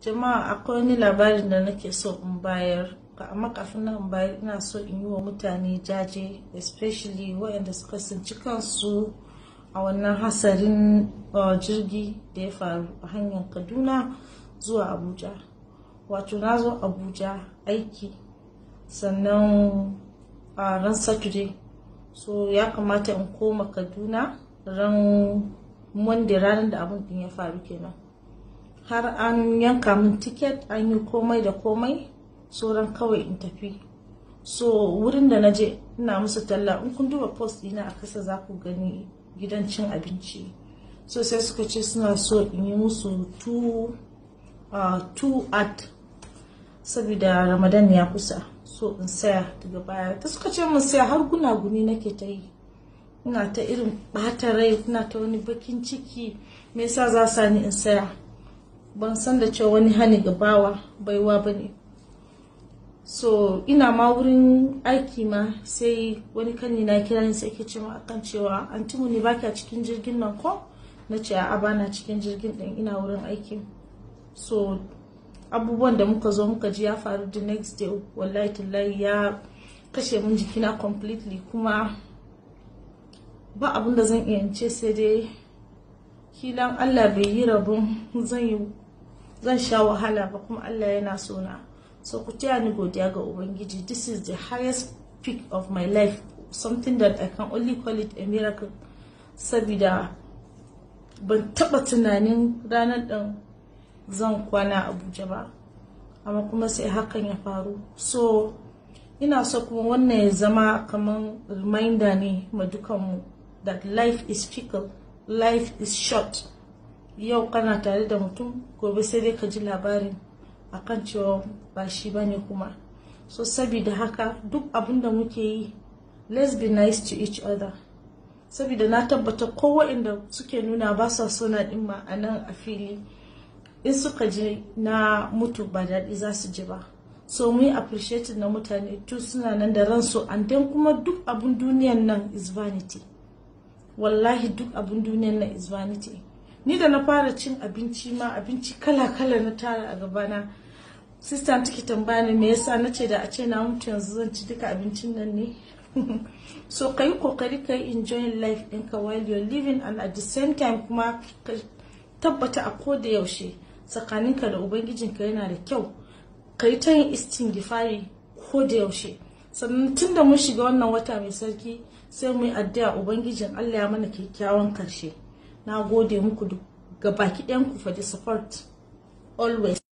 jama'a akwai wani labarin da nake so in bayar amma kafin nan bayar ina so in yi wa mutane jaje especially waɗanda suka tsinci kansu a wannan hasarin uh, jirgi da ya faru a hanyar kaduna zuwa abuja wato na zo abuja aiki sannan a uh, ran saturday so ya kamata in koma kaduna ran monday ranar da abin ya faru kenan har an yanka min tiket an yi komai da komai sauran kawai in tafi so wurin da na je ina musu talla in kun duba post dina a kasa za ku gani gidan cin abinci so sai suka ce suna so in yi musu two, at saboda ramadan ya kusa so in saya daga baya ta suka ce mun saya har guna-guni gunaguni nake ta yi ina ta irin ɓata rai ina ta wani bakin ciki me yasa za sa ni in saya ban san da cewa wani hani ga bawa baiwa ba ne so ina ma wurin aiki ma sai wani kanni na kira ni sai ke ce ma akan cewa an tumu ne baki a cikin jirgin nan ko na ce a bana cikin jirgin din ina wurin aiki so abubuwan da muka zo muka ji ya faru the next day wallahi tallahi ya kashe min jikina completely kuma ba abin da zan iya ce sai dai kilan allah bai yi rabin zan yi zan sha wahala ba kuma Allah yana so na so ku taya ni godiya ga ubangiji this is the highest peak of my life something that I can only call it a miracle sabida ban taba tunanin ranar ɗin zan kwana abuja ba amma kuma sai hakan ya faru so ina so kuma wannan ya zama kamar reminder ne ma dukanmu that life is fickle life is short yau kana tare da mutum gobe sai dai ka ji labarin akan cewa ba shi ba ne kuma so sabida haka duk abin da muke yi let's be nice to each other sabida na tabbata kowa inda suke nuna ba sa so ɗin ma a nan a fili in suka ji na mutu ba daɗi za su ji ba so mu yi appreciate na mutane tun suna nan da ransu an dan kuma duk abin duniyan nan is vanity wallahi duk abin duniyan nan is vanity ni da na fara cin abinci ma abinci kala-kala na tara a gabana sistan take tambaya ne me yasa na ce da a ce na mutu yanzu zan ci duka abincin nan ne so ka yi kokari ka yi enjoying life ɗinka while you're living and at the same time kuma ka tabbata a ko da yaushe tsakaninka da ubangijinka yana da kyau ka yi ta yin istingifari ko da yaushe sannan tun da mun shiga wannan wata mai sarki sai mu yi addu'a ubangijin allah ya mana kyakkyawan karshe na gode muku ga baki ɗayan ku for the support always